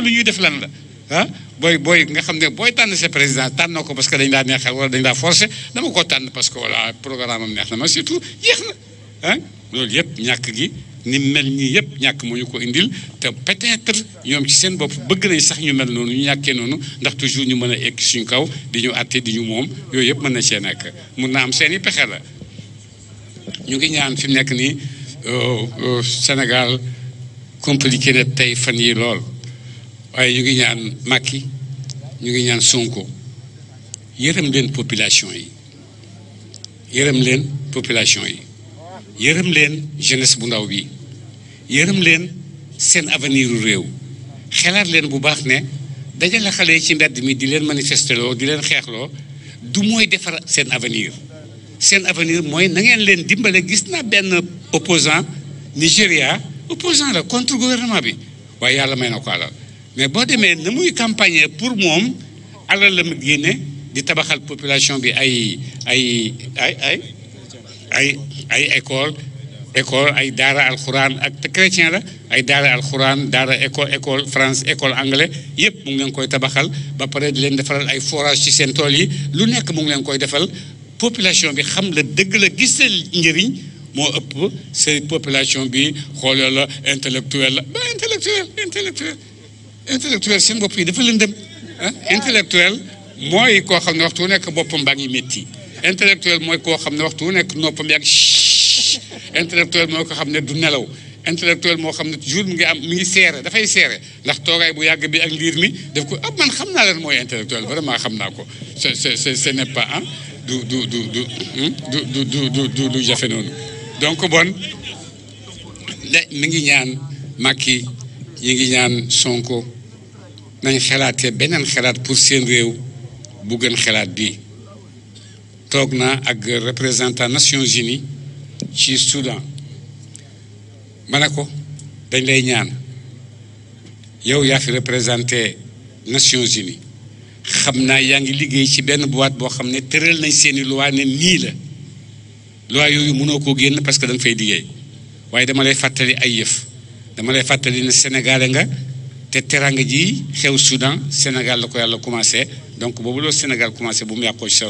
lu ñuy def lan la ah booy booy nga xam ne booy tànn sa président tànnoo ko parce que dañ daa neexal wala dañ daa forcé dama ko tànn parce que voilà programme am neex na ma surtout yéex ah loolu yëpp ñàkk gi ni mel ñii yëpp ñàkk moo ñu ko indil te peut-être ñoom ci seen bopp bëgg nañ sax ñu mel noonu ñu ñàkkee noonu ndax toujours ñu mën a egg suñ kaw di ñu àtte di ñu moom yooyu yëpp mën na see nekk mun na am seen i la ñu ngi ñaan fi nekk nii euh, euh, Sénégal compliqué tey fan yi lool waaye ñu ngi ñaan Macky ñu ngi ñaan Sonko yërëm leen population yi yërëm leen population yi yërëm leen jeunesse bu ndaw bi yërëm leen seen avenir réew xelaat leen bu baax ne dajale xale yi ci mbedd mi di leen manifesteloo di leen xeexloo du mooy defar seen avenir seen avenir mooy nangeen leen dimbale gis naa benn opposant Nigéria opposant la contre gouvernement bi waaye yàlla may na ko alal mais bon demee nous muy campagne pour moom alal le mu génne di tabaxal population bi ay ay ay ay ay école école ay d'ara al ak te chrétien la ay al Quran d'ara école école France école anglais yep mon ngi leen koy tabaxal ba pare di leen defaral ay forage ci seen tool yi lu nekk mu ngi koy defal population bi xam le dëgg la gis seen njëriñ population bi xooloo intellectuel ba intellectuel intellectuel intellectuel seen bopp yi dafa lëndëm ah intellectuel mooy koo xam ne waxtu wu nekk boppam baa ngi métti intellectuel mooy koo xam ne waxtu wu nekk noppam yaa ngi intellectuel mooy ko xam ne du nelaw intellectuel moo xam ne toujours mi ngi am mi ngi seere dafay seere ndax toogaay bu yàgg bi ak liir mi daf ko ah man xam naa leen mooy intellectuel vraiment xam naa ko ce ce ce n'est pas ah du du du hmm? du du du du du du jafe noonu donc bon de mi ngi ñaan Macky yi ngi ñaan Sonko nañ xalaatee beneen xalaat pour seen réew bu gën xalaat bi toog naa ak représentant Nations Unies ci Soudan ma ne ko dañ lay ñaan yow yaa fi représenté Nations Unies xam naa yaa ngi liggéey ci benn boîte boo xam ne tëral nañ seeni loi ne nii la loi yooyu mënoo ko génn parce que da fay liggéey waaye dama lay fàttali ay yëf dama lay fàttali ne sénégalais nga te teranga ji xew Soudan Sénégal la ko yàlla commencé donc bobu loolu Sénégal commencé bu mu yàqoo ci sa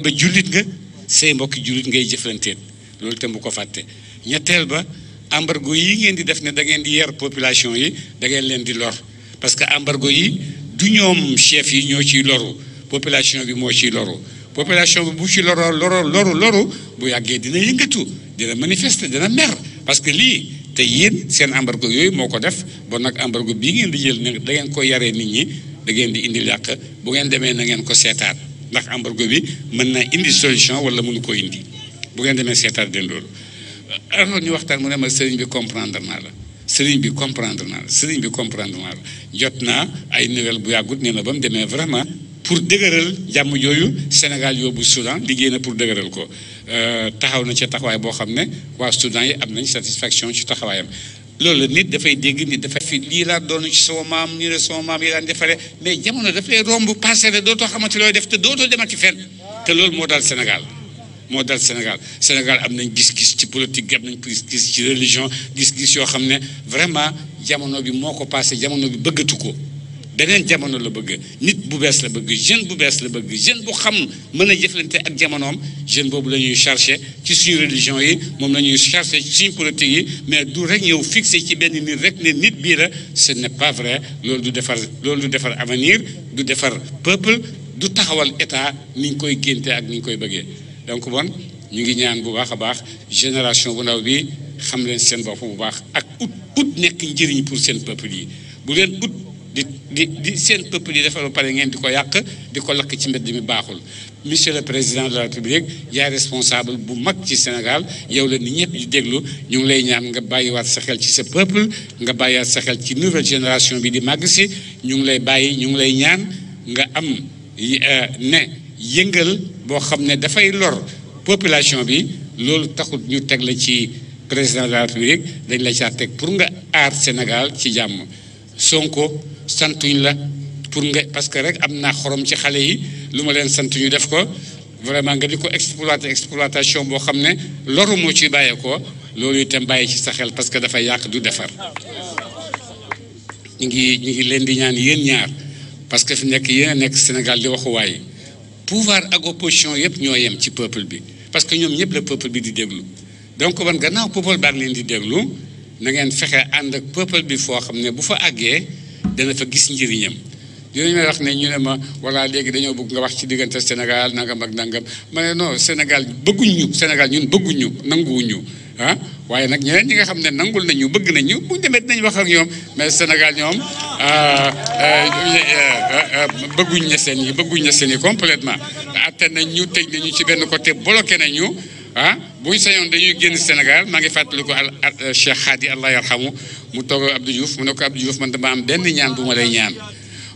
ba julit nga say mbok julit ngay jëflanteen lolou itam bu ko fàtte ñetteel ba embargo yi ngeen di def ne da ngeen di yer population yi da ngeen leen di lor parce que embargo yi du ñoom chef yi ñoo ciy loru population bi moo ciy loru population bi bu ci loroo loro loru loru bu yàggee dina yëngatu dina manifester dina mer parce que lii te yéen seen embargo yooyu moo ko def bon nag embargo bii ngeen di jël da ngeen ko yaree nit ñi da ngeen di indi yàq bu ngeen demee na ngeen ko seetaat ndax embargo bi mën na indi solution wala mënu ko indi bu ngeen demee seetaat den loolu alors ñu waxtaan mu ne ma sëriñ bi comprendre naa la sëriñ bi comprendre naa la bi comprendre la jot naa ay nouvelle bu yàggut nee na ba mu demee vraiment pour dëgëral jàmm yooyu Sénégal yóbbu Soudan liggéey na pour dëgëral ko Euh, taxaw na ci taxawaay boo xam ne waa Soudan yi am nañ satisfaction ci taxawaayam loolu la nit dafay dégg nit dafay fi lii laa doon ci sama maam nii la sama maam yi daan defaree mais jamono daf lay romb passé la dootoo xamante looy def te dootoo demati fenn te loolu moo dal Sénégal moo dal Sénégal Sénégal am nañ gis-gis ci politique am nañ gis-gis ci religion gis-gis yoo xam ne vraiment jamono bi moo ko passé jamono bi bëggatu ko beneen jamono la bëgg nit bu bees la bëgg jeune bu bees la bëgg jeune bu xam mëna a ak jamonoom jeune bobu la ñuy ci suñu religion yi mom la ñuy cherché ci suñu politique yi mais du rek ñëw fixé ci benn nit rek né nit bi la ce n'est pas vrai loolu du defar loolu du defar avenir du défar peuple du taxawal état ni ngi koy gënté ak ni ngi koy bëggé donc bon ñu ngi ñaan bu baax a baax génération bu ndaw bi xam leen seen bopp bu baax ak ut ut nekk njëriñ pour seen peuple yi bu leen ut di seen peuple di defal ba pare ngeen di ko yàq di ko lakk ci mbedd mi baaxul monsieur le président de la république yaay responsable bu mag ci Sénégal yow la ni ñëpp di déglu ñu ngi lay ñaan nga bàyyiwaat sa xel ci sa peuple nga bàyyiwaat sa xel ci nouvelle génération bi di màgg si ñu ngi lay bàyyi ñu ngi lay ñaan nga am euh, ne yëngal boo xam ne dafay lor population bi loolu taxut ñu teg la ci président de la république dañ la caa teg pour nga aar Sénégal ci jàmm Sonko santuñ la pour nga parce que rek am naa xorom ci xale yi lu ma leen sant ñu def ko vraiment nga di ko exploiter exploitation boo xam ne loru moo ci ko loolu itam bàyyi ci sa xel parce que dafa yàq du defar ñu ngi ñu ngi leen di ñaan yéen ñaar parce que fi nekk yéen a nekk Sénégal di waxuwaay pouvoir ak opposition yëpp ñoo yem ci peuple bi parce que ñoom ñëpp la peuple bi di déglu donc man gannaaw peuple baa leen di déglu na ngeen fexe ànd ak peuple bi foo xam ne bu fa àggee dana fa gis njëriñam dinañ may wax ne ñu ne ma walla léegi dañoo bëgg nga wax ci diggante Sénégal nangam ak nangam ma ne Sénégal bëgguñ ñu Sénégal ñun bëgguñu ñu nanguwuñ ñu ah waaye nag ñeneen ñi nga xam ne nangul nañu bëgg nañu ñu buñ demee dinañ wax ak ñoom mais Sénégal ñoom ah, ah, ah, bëgguñ ña seen yi bëgguñ ña seen yi complètement nañ ñu tëj nañu ci benn côté bloqué nañ ñu ah buñ sañoon dañuy génn Sénégal maa ngi fàttaliku al euh, Cheikh Hadi allah yarhamu mu toog Abdou Diouf mu ne ko Abdou Diouf man dama am benn ñaan bu ma lay ñaan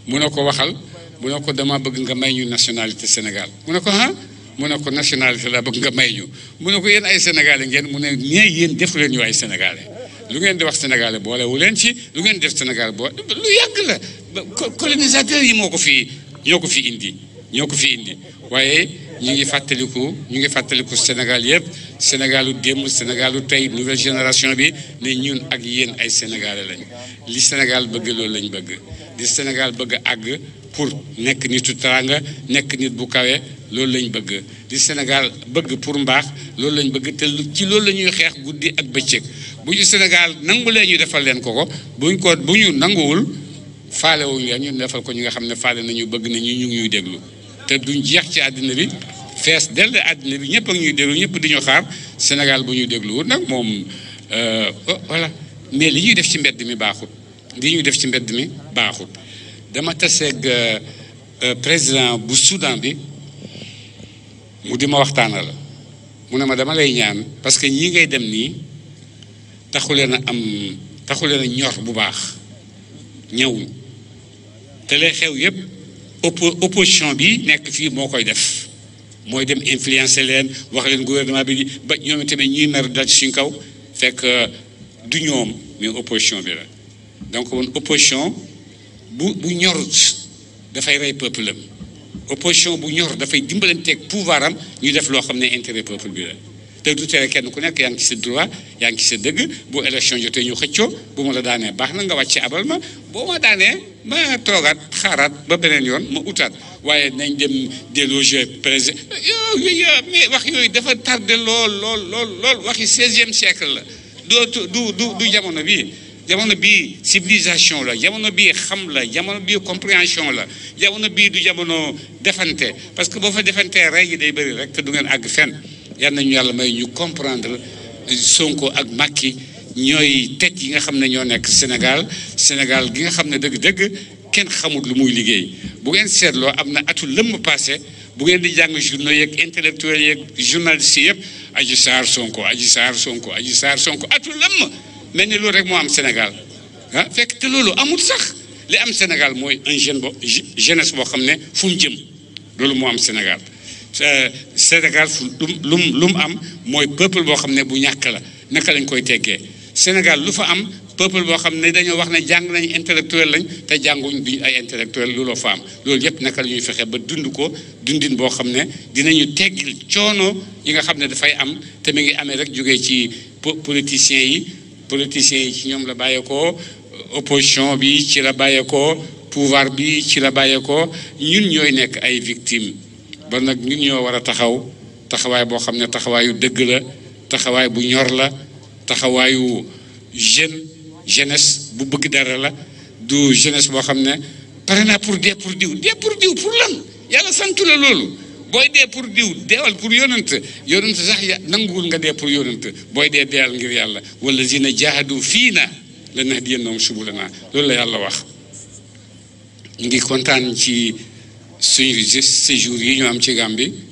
mu ne ko waxal mu ne ko dama bëgg nga may ñu nationalité Sénégal mu ne ko ah mu ne ko nationalité la bëgg nga may ñu mu ko yéen ay sénégalais ngeen mun ne ñee yéen defu leen ñu ay sénégalais lu ngeen di wax sénégalais boole leen ci lu ngeen def sénégal boole lu yàgg la colonisateur yi moo ko fii ñoo ko fi indi ñoo ko fi indi waaye ñu ngi fàttaliku ñu ngi fàttaliku Sénégal yëpp Sénégalu démb Sénégalu tey nouvelle génération bi ne ñun ak yéen ay sénégalais lañ li Sénégal bëgg loolu lañ bëgg li Sénégal bëgg àgg pour nekk nitu teraanga nekk nit bu kawe loolu lañ bëgg li bëgg pour mbaax loolu lañ bëgg te ci loolu la ñuy xeex guddi ak bëccëg bu ñu Sénégal nangulee ñu defal leen ko ko buñ ko bu ñu nanguwul faale wuñ leen ñu defal ko ñi nga xam ne faale nañu bëgg nañu ñu ngi ñuy déglu. te duñ jeex ci àddina bi fees dell àddina bi ñëpp ak ñuy déglu ñëpp di ñu xaar Sénégal bu ñuy dégluwul nag moom euh, oh, voilà mais li ñuy def ci mbedd mi baaxul li ñuy def ci mbedd mi baaxul dama taseeg euh, euh, président bu Soudan bi mu di ma waxtaana la mu ne ma dama lay ñaan parce que ñi ngay dem nii taxuleen a am taxuleen a ñor bu baax ñëwuñ te lay xew yépp opposition bi nekk fii moo koy def mooy dem influencer leen wax leen gouvernement bi ba ñoom tamit ñuy nar dal suñ kaw fekk euh, du ñoom mais opposition bi la donc woon opposition bu bu ñor dafay rey peuple am opposition bu ñor dafay dimbalanteeg pouvoir am ñu def loo xam ne intérêt peuple bi la te du tere ku droit ci bu élection ñu bu la un na nga abal ma un ba yoon un déloger siècle civilisation que yal nañu yàlla may ñu comprendre Sonko ak Macky ñooy teg yi nga xam ne ñoo nekk Sénégal Sénégal gi nga xam ne dëgg-dëgg kenn xamut lu muy liggéey bu ngeen seetloo am na atu lëmm passé bu ngeen di jàng journaux yeeg intellectuels yeeg journalistes yëpp aju saar Sonko Adji Sarr Sonko Adji Sarr Sonko atu lëmm mel ni loolu rek moo am Sénégal ah fekk te loolu amul sax li am Sénégal mooy un jeune bo jeunesse boo xam ne fu mu jëm loolu moo am Sénégal Euh, Sénégal fu lu mu lu mu am mooy peuple boo xam ne bu ñàkk la naka lañ koy teggee Sénégal lu fa am peuple boo xam ne dañoo wax ne jàng nañ intellectuel lañ te jànguñ duñ ay intellectuel loo fa am loolu yëpp naka lañuy fexee ba dund ko dundin boo xam ne dinañu teggil coono yi nga xam ne dafay am te mi ngi amee rek jógee ci politiciens yi politiciens yi ci ñoom la bàyyeekoo opposition bi ci la bàyyeekoo pouvoir bi ci la bàyyeekoo ñun ñooy nekk ay victimes ba nag ñun ñoo war a taxaw taxawaay boo xam ne taxawaayu dëgg la taxawaay bu ñor la taxawaayu jeune jeunesse bu bëgg dara la du jeunesse boo xam ne pare naa pour dee pour diw dee pour diw pour lan yàlla santu la loolu booy dee pour diw deewal pour yonent yonent sax ya nanguwul nga dee pour yonent booy dee deewal ngir yàlla wala zina jaahadu fii na la nahdiyannahum subulana loolu la yàlla wax ngi kontaan ci suñu séjour yi ñu am ci Gambie